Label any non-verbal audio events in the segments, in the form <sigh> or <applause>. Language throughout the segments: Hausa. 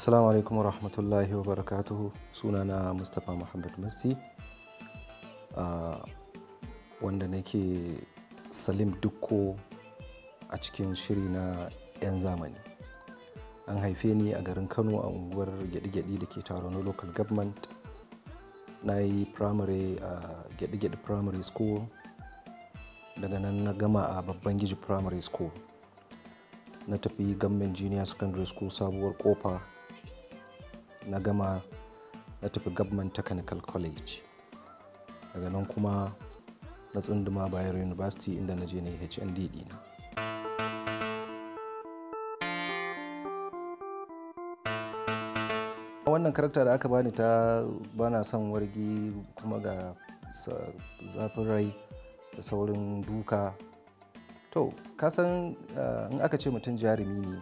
assalamu alaikum wa rahmatullahi wa barakatuhu sunana mustapha muhammad Masti. wanda nake salim dukko a cikin shiri na 'yan zamani an haife ni a garin kano a unguwar gyaɗi-gyaɗi da ke taron local government na yi primary a gyaɗi primary school daga nan na gama a babban giji primary school na tafi gamben junior secondary school sabuwar kofa na gama na tafi government technical college daga nan kuma na tsunduma bayero university inda na je na hnd dina wannan karakta da aka bani ta bana son wargi kuma ga zafin rai da saurin duka to kasan eh, in aka ce mutum jarumi ne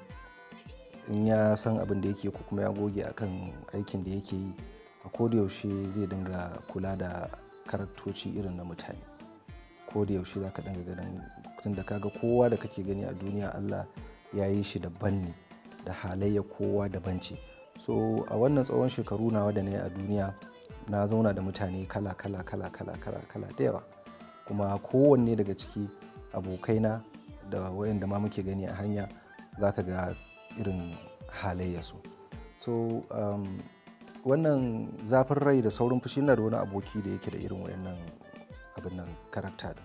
in ya san abin da yake ko kuma ya goge akan aikin da yake yi a yaushe zai dinga kula da karatoci irin na mutane yaushe za ka dinga ganin tun da kaga kowa da kake gani a duniya allah ya yi shi daban ne da halayya kowa daban ce so a wannan tsawon shekaru nawa da na yi a duniya na zauna da mutane kala kala kala kala kala kala da yawa kuma kowanne daga ciki abokaina da wayanda ma muke gani a hanya za ka ga irin halayyarsu so um, wannan zafin rai da saurin fushi na da wani aboki da yake da irin wayannan abin nan karakta da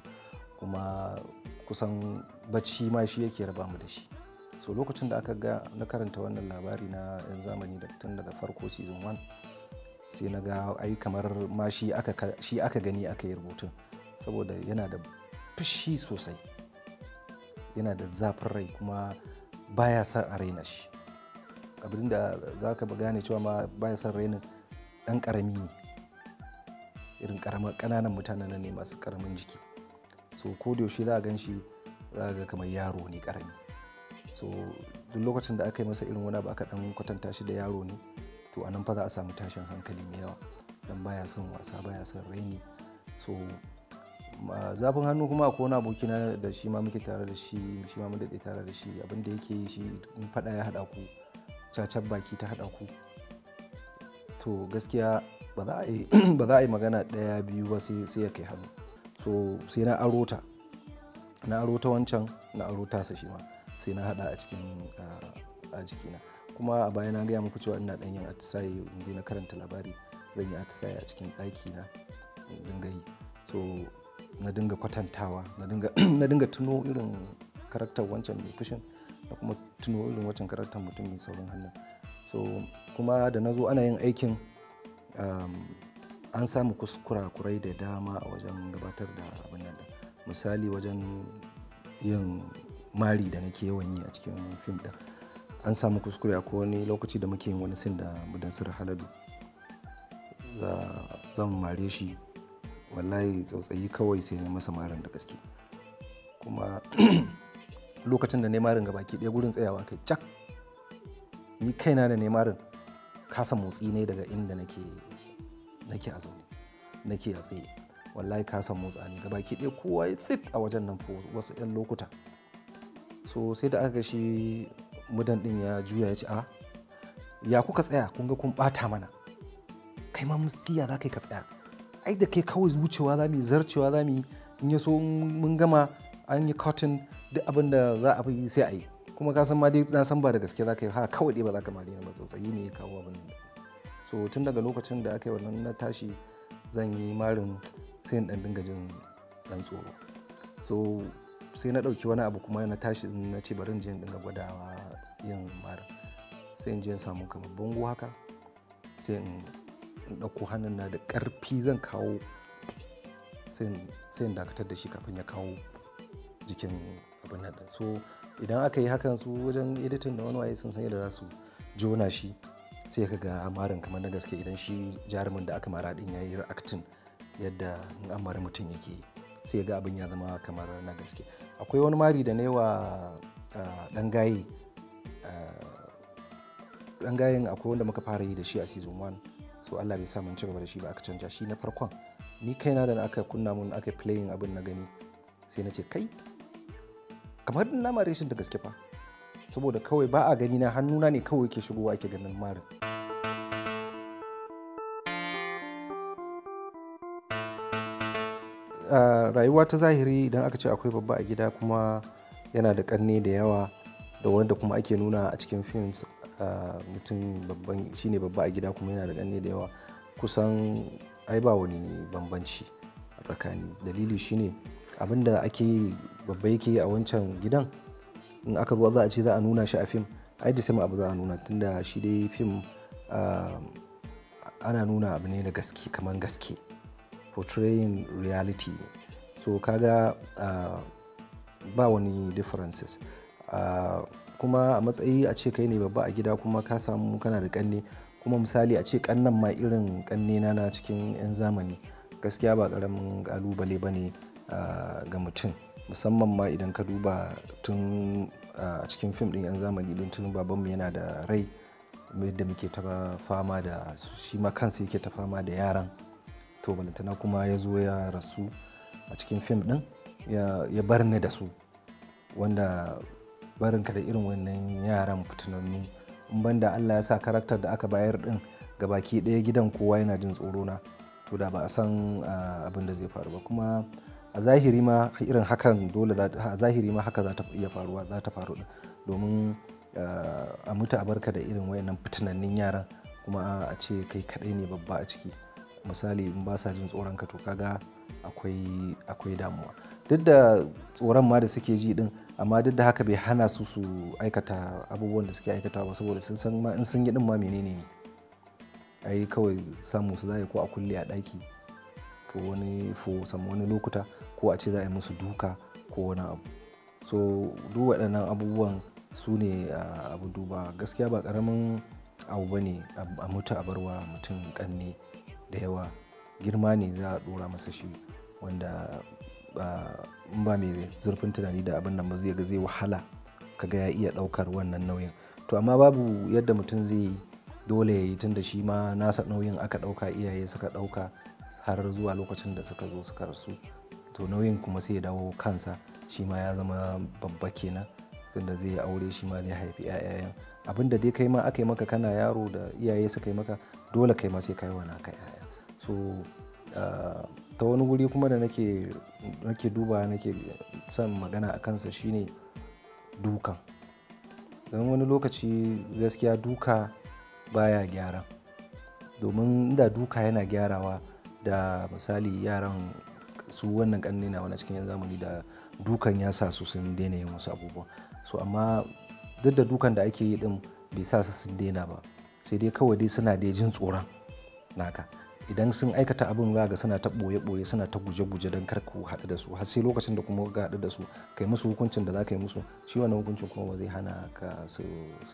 kuma kusan bacci ma shi yake raba mu da shi so lokacin da aka ga na karanta wannan labari na yan zamani da tun daga farko season 1 sai na ga ai kamar ma shi aka, gani aka yi rubutun saboda yana da fushi sosai yana da zafin rai kuma baya sa a raina shi abin da za ka gane cewa ma baya son rainin ɗan ƙarami ne irin ƙananan mutanen nan ne masu ƙaramin jiki so ko da yaushe za a gan shi za ga kamar yaro ne ƙarami so duk lokacin da aka yi masa irin wani abu aka ɗan kwatanta shi da yaro ne to a nan fa za a samu tashin hankali mai yawa dan baya son wasa baya son raini so zafin hannu kuma akwai wani aboki na da shi ma muke tare da shi shi ma mun daɗe tare da shi abin da yake shi in faɗa ya haɗa ku cacar baki ta haɗa ku to gaskiya ba za a yi <clears throat> magana ɗaya biyu ba sai ya kai hannu so sai na arota. na arota wancan na arota shi ma sai na haɗa a cikin a jikina kuma a baya na gaya muku cewa ina yin atisaye in na karanta labari zan yi atisaye a cikin ɗaki na dinga yi so na dinga kwatantawa na dinga <clears throat> tuno irin karaktar wancan mai fushin da kuma tuno irin wacin karatun mutum mai saurin hannun so kuma da na zo ana yin aikin um, an samu kuskurakurai da dama a wajen gabatar da abin nan misali wajen yin mari da nake yawan yi a cikin fim din an samu kuskure a wani lokaci da muke yin wani sin da mudansir haladu zan mare shi wallahi tsautsayi kawai sai ne masa maran da gaske kuma lokacin da nemarin gabaki ɗaya gurin tsayawa kai cak ni kaina da nemarin kasa motsi ne daga inda nake nake a zaune nake a tsaye wallahi kasa motsa ne gabaki ɗaya kowa ya tsit a wajen nan wasu 'yan lokuta so sai da aka shi mudan din ya juya ya ce a ah, ya kuka tsaya kun ga kun bata mana kai ma mustiya za ka ka tsaya ai da kai kawai wucewa za mu yi zarcewa za mu yi in ya so mun gama an yi cotton duk abin da za a yi sai a yi kuma ka san ma dai na san ba da gaske za ka yi haka kawai ba za ka mari ba. tsautsayi ne ya kawo abin nan so tun daga lokacin da aka yi wannan na tashi zan yi marin sai in dan dinga jin dan tsoro so sai na ɗauki wani abu kuma na tashi na ce bari in je in dinga gwadawa yin marin sai in je in samu kamar bango haka sai in ɗauko hannun na da ƙarfi zan kawo sai in dakatar da shi kafin ya kawo jikin abin nan so idan aka yi hakan su wajen editing da wani waye sun san yadda za su jona shi sai ka ga marin kamar na gaske idan shi jarumin da aka mara din ya yi reacting yadda in an mara mutum yake sai ga abin ya zama kamar na gaske akwai wani mari da yi wa ɗan gaye ɗan gayen akwai wanda muka fara yi da shi a season one so Allah bai sa mun ci gaba da shi ba aka canja shi na farkon ni kaina da aka kunna mun aka playing abin na gani sai na ce kai kamar na mare shi da gaske fa saboda kawai ba a gani na hannuna ne kawai ke shigowa ake ganin marin rayuwa ta zahiri idan aka ce akwai babba a gida kuma yana da kanne da yawa da wanda kuma ake nuna a cikin films mutum babban shine babba a gida kuma yana da kanne da yawa kusan ai ba wani bambanci a tsakani dalili shine abinda ake babba yake yi a wancan gidan in aka zo za a ce za a nuna shi a fim ai da sama abu za a nuna tunda shi dai fim ah, ana nuna abu ne da gaske kamar gaske portraying reality so kaga ga ah, ba wani differences ah, kuma a matsayi a ce kai ne babba a gida kuma ka samu kana da kanne kuma misali a ce kannan ma irin kanne na na cikin 'yan zamani gaskiya ba karamin kalubale ba ne ga mutum musamman ma idan ka duba tun a cikin fim din yan zamani din tun babanmu yana da rai yadda muke ta fama da shi ma kansa yake ta fama da yaran to balantana kuma ya zo ya rasu a cikin fim din ya bar ni da su wanda barinka da irin wannan yaran fitinannu in banda allah ya sa karaktar da aka bayar din ga baki ɗaya gidan kowa yana jin tsoro na to da ba a san abin da zai faru ba kuma a zahiri ma irin hakan dole a zahiri ma haka za ta iya faruwa za ta faru domin eh, a mutu a barka da irin wayannan fitinannin yaran kuma a ce kai kadai ne babba a ciki misali in ba sa jin tsoron ka to kaga akwai damuwa duk da tsoron ma da suke ji din amma duk da haka bai hana su su aikata abubuwan da suke aikata ba saboda sun san ma in sun yi din ma menene ne ai kawai samu su zai ko a kulle a daki ko wani fo wani lokuta ko a ce za a yi musu duka ko wani abu so duk waɗannan abubuwan su ne abu duba gaskiya ba ƙaramin abu ba ne a mutu a barwa mutum ƙanne da yawa girma ne za a ɗora masa shi wanda in ba mai zurfin tunani da abin nan ba zai ga zai wahala ga ya iya ɗaukar wannan nauyin to amma babu yadda mutum zai dole ya yi tun da shi ma nasa nauyin aka ɗauka iyaye suka ɗauka har zuwa lokacin da suka zo suka rasu to nauyin kuma sai ya dawo kansa shi ma ya zama babba kenan tunda zai aure shi ma zai haifi 'ya'ya abin da dai kai ma aka yi maka kana yaro da iyaye suka yi maka dole kai ma sai kai wani aka 'ya'ya so ah, ta wani wuri kuma da nake duba nake son magana a kansa shine duka. don wani lokaci gaskiya duka baya gyara domin da duka yana gyarawa da misali yaran su wannan ƙanne na wani cikin yan zamani da dukan ya sa su sun daina yin wasu abubuwa so amma duk da dukan da ake yi din bai sa su sun daina ba sai dai kawai dai suna da jin tsoron naka idan sun aikata abin za ga suna ta ɓoye-ɓoye suna ta guje-guje don kar ku haɗu da su har sai lokacin da kuma ka haɗu da su kai musu hukuncin da za ka yi musu shi wannan hukuncin kuma ba zai hana ka su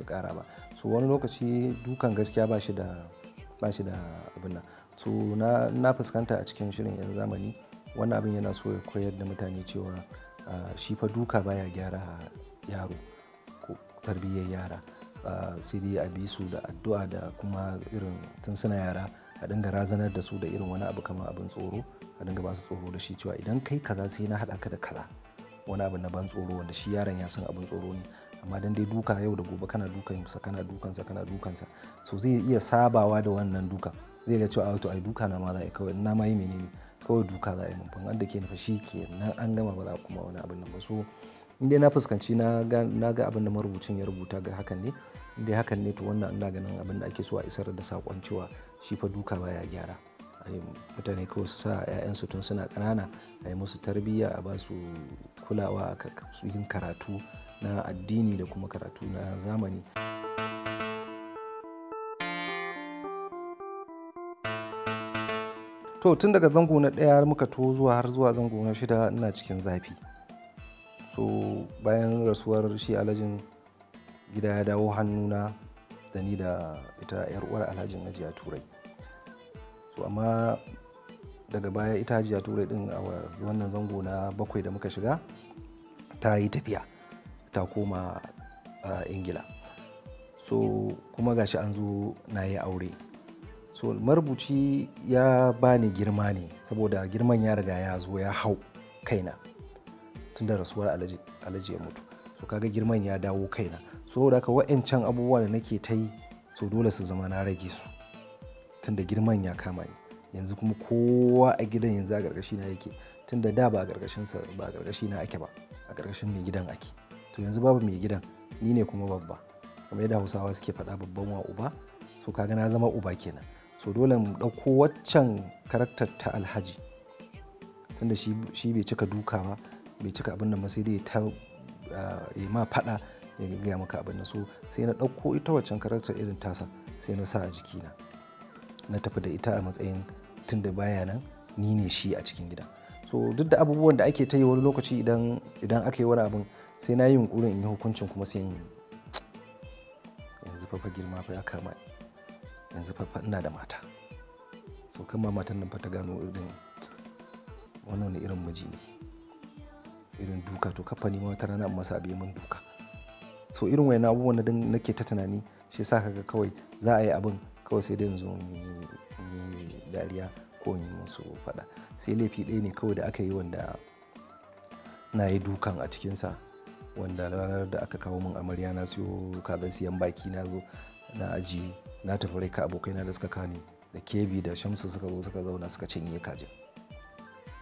ƙara ba so wani lokaci dukan gaskiya ba shi da ba shi da abin nan so na fuskanta a cikin shirin yan zamani wannan abin yana so ya koyar da mutane cewa shi fa duka baya gyara yaro ko tarbiyyar yara sai dai a bi su da addu'a da kuma irin tun suna yara a dinga razanar da su da irin wani abu kamar abin tsoro a dinga ba su tsoro da shi cewa idan kai kaza sai na haɗa ka da kaza wani abu na ban tsoro wanda shi yaron ya san abin tsoro ne amma dan dai duka yau da gobe kana dukansa kana dukansa kana dukansa so zai iya sabawa da wannan duka, zai ga cewa wato ai duka na ma za a kawai na ma yi menene kawai duka za a yi mun wanda ke nufa shi ke nan an gama ba za kuma wani abin nan ba so inda na fuskanci na ga abin da marubucin ya rubuta ga hakan ne inda hakan ne to wannan ina ganin abin da ake so a isar da sakon cewa shi fa duka ba ya gyara mutane kawai su sa 'ya'yansu tun suna ƙanana a yi musu tarbiyya a ba su kulawa a yin karatu na addini da kuma karatu na zamani. to tun daga zango na ɗaya muka to zuwa har zuwa zango na shida ina cikin zafi so bayan rasuwar shi alhajin gida ya dawo hannuna da ni da ita yar uwar alhajin jiya turai so amma daga baya ita hajiya turai din a wannan zango na bakwai da muka shiga ta yi tafiya ta koma a ingila so kuma gashi an zo na yi aure so marubuci ya bani girma ne saboda girman ya riga ya zo ya hau kaina tun da rasuwar alhaji ya mutu so kaga girman ya dawo kaina saboda aka wa'ancan abubuwa da nake ta yi so dole su zama na rage su tun da girman ya kama ni yanzu kuma kowa a gidan yanzu a gargashi na yake tun da da ba a ƙarƙashin ba a gargashi na ake ba a ƙarƙashin mai gidan ake to yanzu babu mai gidan ni ne kuma babba kuma yadda hausawa suke faɗa babban wa uba so kaga na zama uba kenan so dole mu ɗauko waccan karaktar ta alhaji tunda shi bai cika duka ba bai cika abin nan ba sai dai ta yi ma faɗa ya gaya maka abin nan so sai na ɗauko ita waccan karaktar irin tasa sai na sa a jiki na tafi da ita a matsayin tunda baya nan ni ne shi a cikin gida so duk da abubuwan da ake ta yi wani lokaci idan aka yi wani abin sai na yi yunkurin in yi hukuncin kuma sai in yanzu fa girma fa ya kama yanzu fa ina da mata so kan ma matan nan fa ta gano irin wani wani irin miji ne irin duka to kafa ma wata rana masa abiye mun duka so irin wani abubuwan na nake ta tunani shi sa kaga kawai za a yi abin kawai sai dai yanzu ni dariya ko ni musu faɗa sai laifi ɗaya ne kawai da aka yi wanda na yi dukan a cikinsa wanda ranar da aka kawo min amarya na siyo kaza siyan baki na zo na ajiye na tafi rai ka abokaina da suka kani da kebi da shamsu suka zo suka zauna suka cinye kajin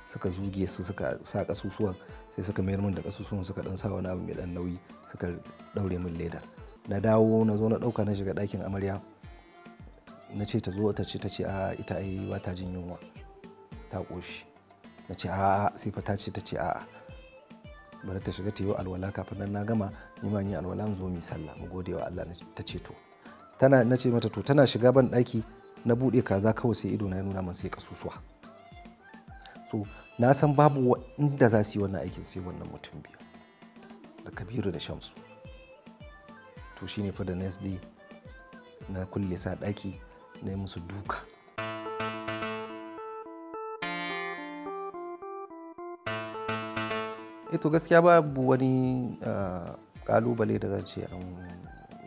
suka zuge su suka sa kasusuwan sai suka mayar min da kasusuwan suka dan sa wani abu mai dan nauyi suka daure min leda na dawo na zo na dauka na shiga dakin amarya na ce ta zo ta ce ta ce a ita ai ba ta jin yunwa ta koshi na ce a sai fa ta ce ta ce a bari ta shiga ta yi alwala kafin nan na gama ni ma yi alwala mu zo mu sallah mu gode wa Allah ta ceto tana na ce mata to tana shiga ban ɗaki na buɗe kaza kawai sai ido na nuna masa sai kasusuwa so na san babu inda za su yi wannan aikin sai wannan mutum biyu da kabiru da shamsu to shine fa da next day na kulle sa ɗaki na yi musu duka e to gaskiya babu wani kalubale ah, da zan ce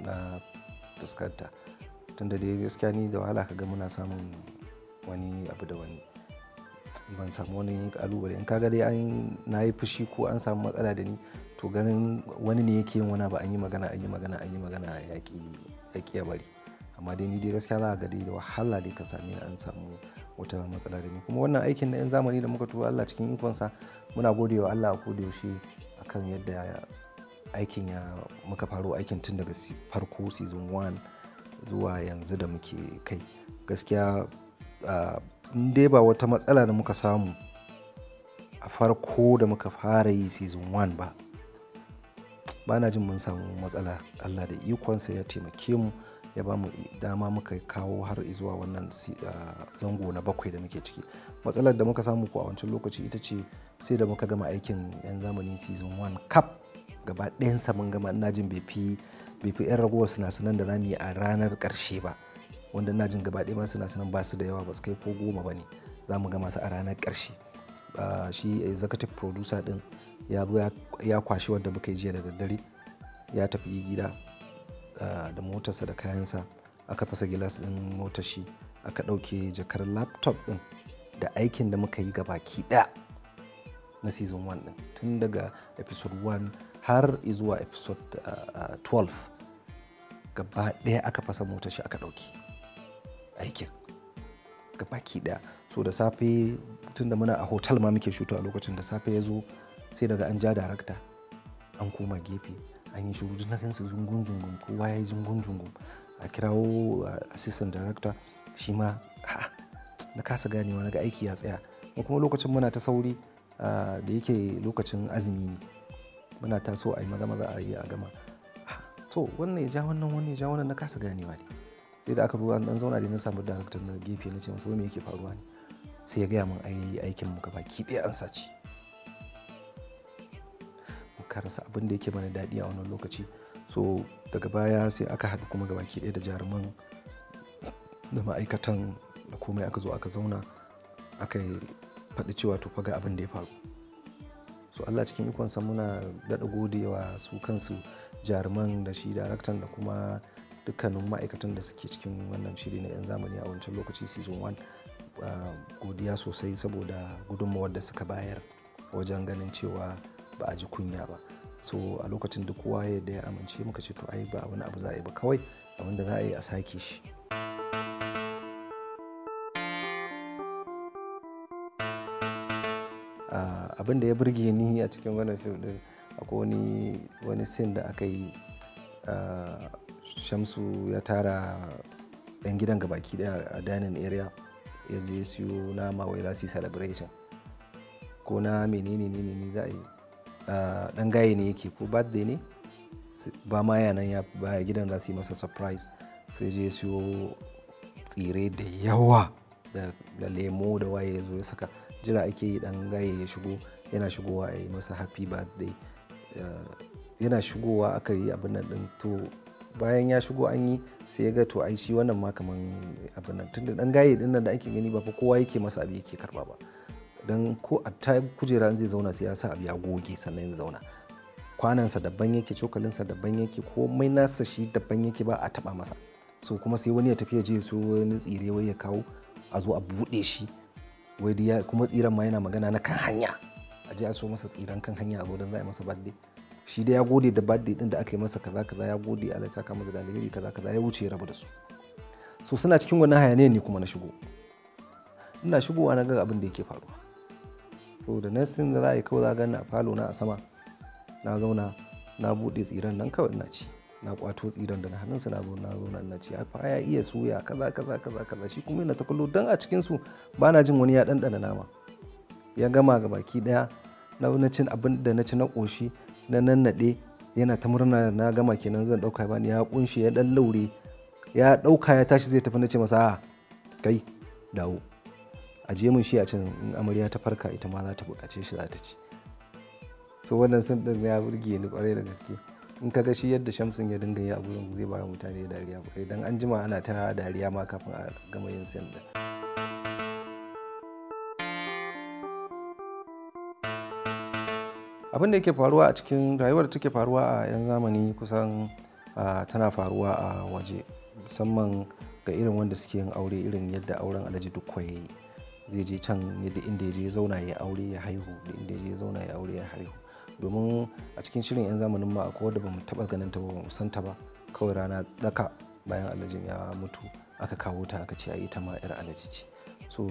na fuskanta tunda dai gaskiya ni da wahala ka kaga muna samun wani abu da wani ban samu wani kalubale in kaga dai an na yi fushi ko an samu matsala da ni to ganin wani ne yake yin wani ba an yi magana an yi magana an yi magana yaƙi ya bari amma dai ni dai gaskiya za a dai da wahala dai ka sami an samu wata matsala da ni kuma wannan aikin na 'yan zamani da muka tura Allah cikin ikonsa muna godewa Allah a koda yaushe akan yadda aikin ya muka faru aikin tun daga farko season 1 zuwa yanzu da muke kai gaskiya in dai ba wata matsala da muka samu a farko da muka fara yi season 1 ba ba na jin mun samu matsala allah da ikonsa ya taimake mu ya ba mu dama muka kawo har zuwa wannan zango na bakwai da muke ciki matsalar da muka samu ko a wancan lokaci ita ce sai da muka gama aikin yan zamani season 1 cup. gaba ɗayansa mun gama ina jin bai fi 'yan ragowar sinasinan da za mu yi a ranar ƙarshe ba wanda ina jin gaba ɗaya ma sinasinan ba su da yawa ba su kai ko goma ba ne za mu gama su a ranar ƙarshe ah, shi executive producer ɗin ya zo ya kwashi wanda muka yi jiya da daddare ya tafi gida ah, da motarsa da kayansa aka fasa gilas ɗin motar shi aka ɗauke jakar laptop ɗin da aikin da muka yi gabaki ɗaya na season 1 ɗin tun daga episode 1 har zuwa episode 12 uh, uh, gaba ɗaya aka fasa motar shi aka ɗauki aikin gabaki ɗaya so da safe tun da muna a hotel ma muke shuto a lokacin da safe ya zo sai daga an ja darakta an koma gefe an yi shuru na kansu zungun zungun kowa ya yi zungun zungun a kirawo uh, assistant director shi ma na kasa ganewa na ga aiki ya tsaya kuma lokacin muna ta sauri da yake lokacin azumi ne muna taso a yi maza maza a yi a gama ah, to wannan ya ja wannan wannan ya ja wannan na kasa ganewa ne sai da aka zo an dan zauna da na samu daraktan na gefe na ce masa me yake faruwa ne sai ya gaya min ai aikin mu gaba ki ɗaya an sace mu karasa abin da yake mana daɗi a wannan lokaci so daga baya sai aka haɗu kuma gaba ki ɗaya da jaruman da ma'aikatan da komai aka zo aka zauna aka faɗi cewa to faga abin da ya faru so allah cikin ikonsa muna daɗa godewa su kansu jaruman da shi daraktan da kuma dukkanin ma'aikatan da suke cikin wannan shiri na 'yan zamani a wancan lokaci season 1 ah, godiya sosai saboda gudunmawar da suka bayar wajen ganin cewa ba a ji kunya ba so a lokacin da kowa ya da ya amince muka ce to ai ba wani abu za a yi ba kawai abin da za a yi a sake shi abin da ya burge ni a cikin wannan fim din akwai wani wani sin da aka yi shamsu ya tara yan gidan gabaki daya a dining area ya je siyo nama wai za su yi celebration ko na menene ne ne za a yi dan gaye ne yake ko birthday ne ba ma yanan ya baya gidan za su yi masa surprise sai je siyo tsire da yawa da lemo da waye ya zo ya saka jira ake yi dan gaye ya shigo yana shigowa a yi masa happy birthday eh, yana shigowa aka yi abin nan din to bayan ya shigo an yi sai ya ga to ai shi wannan ma kaman abin nan tunda dan gaye din nan da ake gani ba fa kowa yake masa abin yake karba ba dan ko a ta kujera zai zauna sai ya sa abu ya goge sannan ya zauna kwanansa daban yake cokalinsa daban yake ko mai nasa shi daban yake ba a taba masa so kuma sai wani ya tafi ya je so wani tsire wai ya kawo a zo a buɗe shi wai ya kuma tsiran ma yana magana na kan hanya a je a so masa tsiran kan hanya a za a masa birthday shi da ya gode da birthday din da aka yi masa kaza kaza ya gode Allah ya saka masa da kaza kaza ya wuce ya rabu da su so suna cikin wannan hayaniya ne kuma na shigo ina shigowa na ga abin da yake faruwa to da na sin da za a yi kawai za a na falo na a sama na zauna na bude tsiran nan kawai ina ci na kwato tsiran daga hannun suna zo na zo na ce fa ya iya soya kaza kaza kaza kaza shi kuma yana ta kallo dan a cikin su ba na jin wani ya dandana nama ya gama ga baki daya na cin abin da na ci na koshi na nannade yana ta murna na gama kenan zan dauka bani ya kunshi ya dan laure ya dauka ya tashi zai tafi na ce masa kai dawo je mun shi a can in amarya ta farka ita ma za ta bukace shi za ta ci so wannan sun ya burge ni kwarai da gaske in ka ga shi yadda shamsin ya dinga yi a gurin zai ba mutane dariya kai dan an jima ana ta dariya ma kafin a gama yin sin din abin da yake faruwa a cikin rayuwar da take faruwa a yan zamani kusan tana faruwa a waje musamman ga irin wanda suke yin aure irin yadda auren alhaji duk kwaye zai je can yadda inda ya je zauna ya aure ya haihu da inda ya je zauna ya aure ya haihu domin a cikin shirin 'yan zamanin ma akwai wadda ba mu taba ganin ta ba mu san ta ba kawai rana daka bayan alajin ya mutu aka kawo ta aka ce a yi ta ma 'yar alaji ce so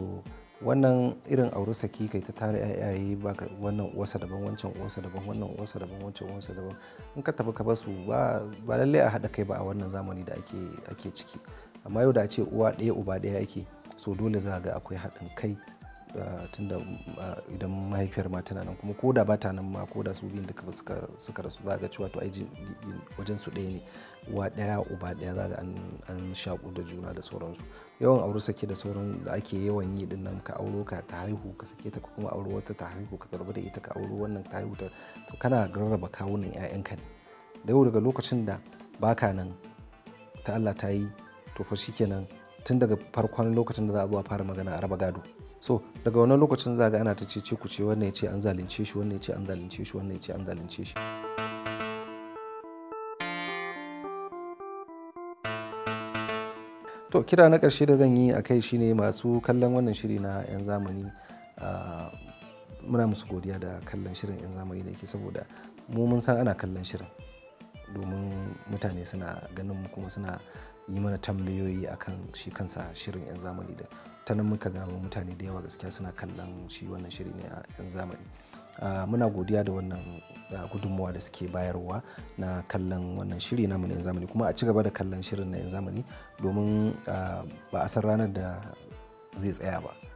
wannan irin auri saki kai ta tare yayaye ba wannan uwarsa daban wancan uwarsa daban wannan uwarsa daban wancan uwarsa daban in ka tafi ka basu ba ba lallai a haɗa kai ba a wannan zamani da ake ake ciki amma yau da a ce uwa ɗaya uba ɗaya ake so dole za ga akwai haɗin kai Ah, tunda ah, idan mahaifiyar ma tana nan kuma ko ba ta nan ma ko da su biyun duka suka suka rasu za ga cewa to ai wajen su ɗaya ne uwa ɗaya uba ɗaya za ga an shaƙu da juna da sauransu yawan auri sake da sauran da ake yawan yi din nan ka auro ka ta haihu ka sake ta kuma auro wata ta haihu ka tarbi da ita ka auro wannan ta haihu to kana rarraba kawunan 'ya'yanka ne da yau daga lokacin da baka nan ta Allah ta yi to fa shikenan tun daga farkon lokacin da za a zo a fara magana a raba gado so daga wani lokacin zaga ana ta ce ku ce wannan ya ce an zalunce shi wannan ya ce an zalunce shi wannan ya ce an zalunce shi to kira na ƙarshe da zan yi a kai shine masu kallon wannan shiri na 'yan zamani muna musu godiya da kallon shirin 'yan zamani da ke saboda mu mun san ana kallon shirin domin mutane suna ganin mu kuma suna yi mana tambayoyi akan shi kansa shirin 'yan zamani da ta nan muka ga mutane da yawa gaskiya suna kallon shi wannan shiri ne a yan zamani muna godiya da wannan gudunmawa da suke bayarwa na kallon wannan shiri namu na yan zamani kuma a ci gaba da kallon shirin na yan zamani domin ba a san ranar da zai tsaya ba